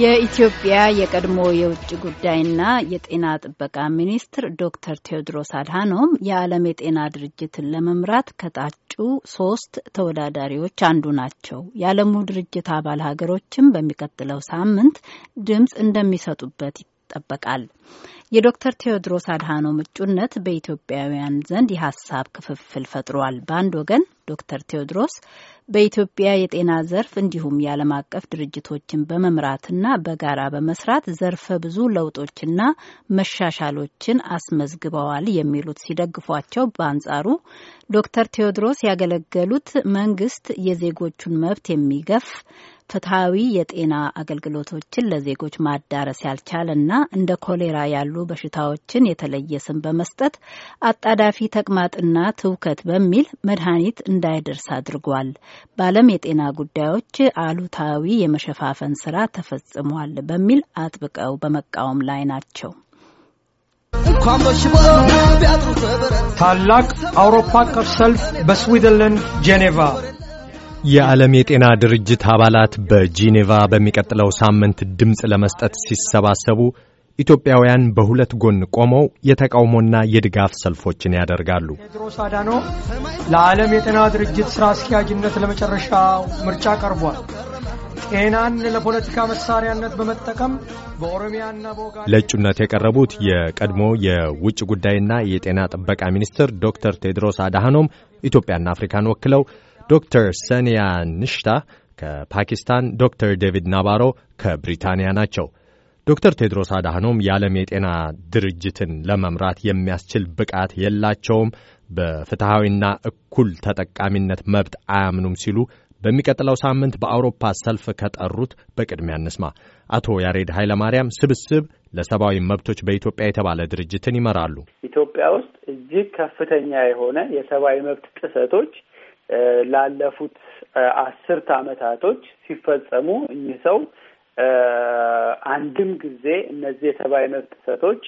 የኢትዮጵያ የቀድሞ የውጭ ጉዳይና የጤና ጥበቃ ሚኒስትር ዶክተር ቴዎድሮስ አድሃኖም የዓለም የጤና ድርጅትን ለመምራት ከታጩ ሶስት ተወዳዳሪዎች አንዱ ናቸው። የዓለሙ ድርጅት አባል ሀገሮችም በሚቀጥለው ሳምንት ድምፅ እንደሚሰጡበት ይጠበቃል። የዶክተር ቴዎድሮስ አድሃኖም እጩነት በኢትዮጵያውያን ዘንድ የሀሳብ ክፍፍል ፈጥሯል። በአንድ ወገን ዶክተር ቴዎድሮስ በኢትዮጵያ የጤና ዘርፍ እንዲሁም የዓለም አቀፍ ድርጅቶችን በመምራትና በጋራ በመስራት ዘርፈ ብዙ ለውጦችና መሻሻሎችን አስመዝግበዋል የሚሉት ሲደግፏቸው፣ በአንጻሩ ዶክተር ቴዎድሮስ ያገለገሉት መንግስት የዜጎቹን መብት የሚገፍ ፍትሐዊ የጤና አገልግሎቶችን ለዜጎች ማዳረስ ያልቻለና እንደ ኮሌራ ያሉ በሽታዎችን የተለየ ስም በመስጠት አጣዳፊ ተቅማጥና ትውከት በሚል መድኃኒት እንዳይደርስ አድርጓል። በዓለም የጤና ጉዳዮች አሉታዊ የመሸፋፈን ስራ ተፈጽሟል በሚል አጥብቀው በመቃወም ላይ ናቸው። ታላቅ አውሮፓ አቀፍ ሰልፍ በስዊዘርላንድ ጄኔቫ የዓለም የጤና ድርጅት አባላት በጂኔቫ በሚቀጥለው ሳምንት ድምፅ ለመስጠት ሲሰባሰቡ ኢትዮጵያውያን በሁለት ጎን ቆመው የተቃውሞና የድጋፍ ሰልፎችን ያደርጋሉ። ቴድሮስ አዳኖ ለዓለም የጤና ድርጅት ሥራ አስኪያጅነት ለመጨረሻው ምርጫ ቀርቧል። ጤናን ለፖለቲካ መሳሪያነት በመጠቀም በኦሮሚያና በኦጋ ለእጩነት የቀረቡት የቀድሞ የውጭ ጉዳይና የጤና ጥበቃ ሚኒስትር ዶክተር ቴድሮስ አድሃኖም ኢትዮጵያና አፍሪካን ወክለው ዶክተር ሰኒያ ንሽታ ከፓኪስታን፣ ዶክተር ዴቪድ ናባሮ ከብሪታንያ ናቸው። ዶክተር ቴድሮስ አድሃኖም የዓለም የጤና ድርጅትን ለመምራት የሚያስችል ብቃት የላቸውም፣ በፍትሐዊና እኩል ተጠቃሚነት መብት አያምኑም ሲሉ በሚቀጥለው ሳምንት በአውሮፓ ሰልፍ ከጠሩት በቅድሚያ እንስማ። አቶ ያሬድ ኃይለማርያም ስብስብ ለሰብአዊ መብቶች በኢትዮጵያ የተባለ ድርጅትን ይመራሉ። ኢትዮጵያ ውስጥ እጅግ ከፍተኛ የሆነ የሰብአዊ መብት ጥሰቶች ላለፉት አስርት አመታቶች ሲፈጸሙ እኚህ ሰው አንድም ጊዜ እነዚህ የሰብአዊ መብት ጥሰቶች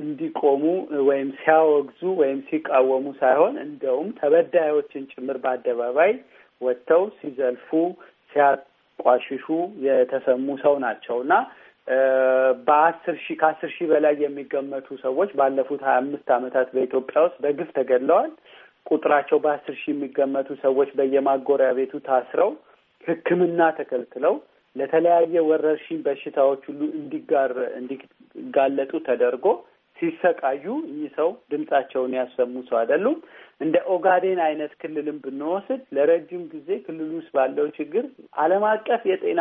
እንዲቆሙ ወይም ሲያወግዙ ወይም ሲቃወሙ ሳይሆን እንደውም ተበዳዮችን ጭምር በአደባባይ ወጥተው ሲዘልፉ፣ ሲያቋሽሹ የተሰሙ ሰው ናቸው እና በአስር ሺህ ከአስር ሺህ በላይ የሚገመቱ ሰዎች ባለፉት ሀያ አምስት አመታት በኢትዮጵያ ውስጥ በግፍ ተገድለዋል። ቁጥራቸው በአስር ሺህ የሚገመቱ ሰዎች በየማጎሪያ ቤቱ ታስረው ሕክምና ተከልክለው ለተለያየ ወረርሽኝ በሽታዎች ሁሉ እንዲጋር እንዲጋለጡ ተደርጎ ሲሰቃዩ እኚህ ሰው ድምጻቸውን ያሰሙ ሰው አይደሉም። እንደ ኦጋዴን አይነት ክልልም ብንወስድ ለረጅም ጊዜ ክልሉ ውስጥ ባለው ችግር ዓለም አቀፍ የጤና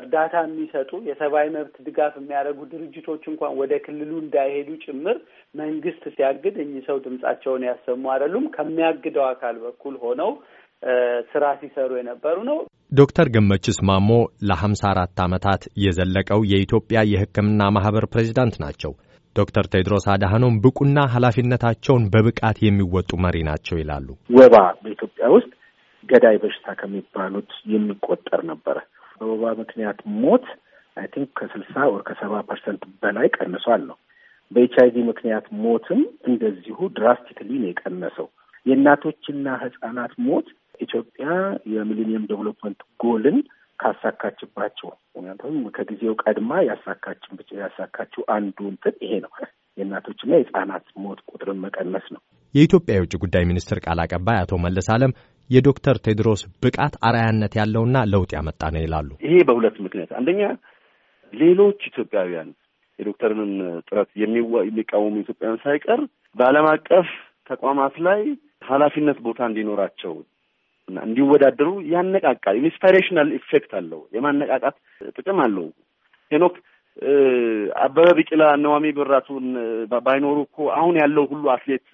እርዳታ የሚሰጡ የሰብአዊ መብት ድጋፍ የሚያደርጉ ድርጅቶች እንኳን ወደ ክልሉ እንዳይሄዱ ጭምር መንግስት ሲያግድ እኚህ ሰው ድምጻቸውን ያሰሙ አይደሉም። ከሚያግደው አካል በኩል ሆነው ስራ ሲሰሩ የነበሩ ነው። ዶክተር ገመችስ ማሞ ለሀምሳ አራት ዓመታት የዘለቀው የኢትዮጵያ የሕክምና ማህበር ፕሬዚዳንት ናቸው። ዶክተር ቴድሮስ አድሃኖም ብቁና ኃላፊነታቸውን በብቃት የሚወጡ መሪ ናቸው ይላሉ። ወባ በኢትዮጵያ ውስጥ ገዳይ በሽታ ከሚባሉት የሚቆጠር ነበረ። በወባ ምክንያት ሞት አይ ቲንክ ከስልሳ ወር ከሰባ ፐርሰንት በላይ ቀንሷል ነው። በኤችአይቪ ምክንያት ሞትም እንደዚሁ ድራስቲክሊ ነው የቀነሰው። የእናቶችና ህጻናት ሞት ኢትዮጵያ የሚሊኒየም ዴቨሎፕመንት ጎልን ካሳካችባቸው ምክንያቱም ከጊዜው ቀድማ ያሳካችን ያሳካችው አንዱ እንትን ይሄ ነው የእናቶችና የህጻናት ሞት ቁጥርን መቀነስ ነው። የኢትዮጵያ የውጭ ጉዳይ ሚኒስትር ቃል አቀባይ አቶ መለስ አለም የዶክተር ቴድሮስ ብቃት አርአያነት ያለውና ለውጥ ያመጣ ነው ይላሉ። ይሄ በሁለት ምክንያት፣ አንደኛ ሌሎች ኢትዮጵያውያን የዶክተርንን ጥረት የሚቃወሙ ኢትዮጵያውያን ሳይቀር በዓለም አቀፍ ተቋማት ላይ ኃላፊነት ቦታ እንዲኖራቸው እና እንዲወዳደሩ ያነቃቃል። ኢንስፓይሬሽናል ኢፌክት አለው፣ የማነቃቃት ጥቅም አለው። ሄኖክ አበበ ቢቂላ ነዋሚ ብራቱን ባይኖሩ እኮ አሁን ያለው ሁሉ አትሌት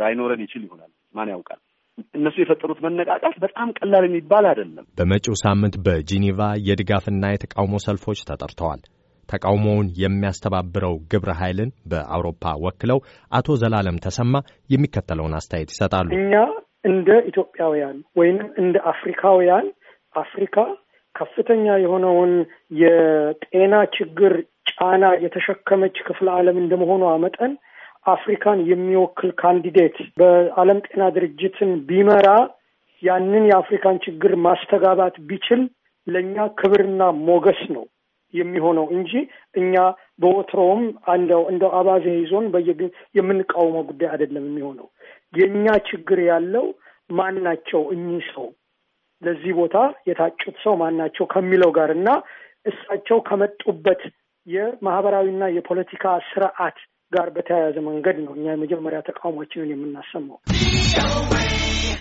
ላይኖረን ይችል ይሆናል። ማን ያውቃል? እነሱ የፈጠሩት መነቃቃት በጣም ቀላል የሚባል አይደለም። በመጪው ሳምንት በጂኒቫ የድጋፍና የተቃውሞ ሰልፎች ተጠርተዋል። ተቃውሞውን የሚያስተባብረው ግብረ ኃይልን በአውሮፓ ወክለው አቶ ዘላለም ተሰማ የሚከተለውን አስተያየት ይሰጣሉ። እኛ እንደ ኢትዮጵያውያን ወይንም እንደ አፍሪካውያን አፍሪካ ከፍተኛ የሆነውን የጤና ችግር ጫና የተሸከመች ክፍለ ዓለም እንደመሆኗ መጠን አፍሪካን የሚወክል ካንዲዴት በዓለም ጤና ድርጅትን ቢመራ ያንን የአፍሪካን ችግር ማስተጋባት ቢችል ለእኛ ክብርና ሞገስ ነው የሚሆነው እንጂ እኛ በወትሮውም አንደው እንደው አባዜ ይዞን በየግን የምንቃወመው ጉዳይ አይደለም የሚሆነው። የእኛ ችግር ያለው ማን ናቸው እኚህ ሰው ለዚህ ቦታ የታጩት ሰው ማናቸው ከሚለው ጋር እና እሳቸው ከመጡበት የማህበራዊና የፖለቲካ ስርዓት ጋር በተያያዘ መንገድ ነው እኛ የመጀመሪያ ተቃውሟችንን የምናሰማው።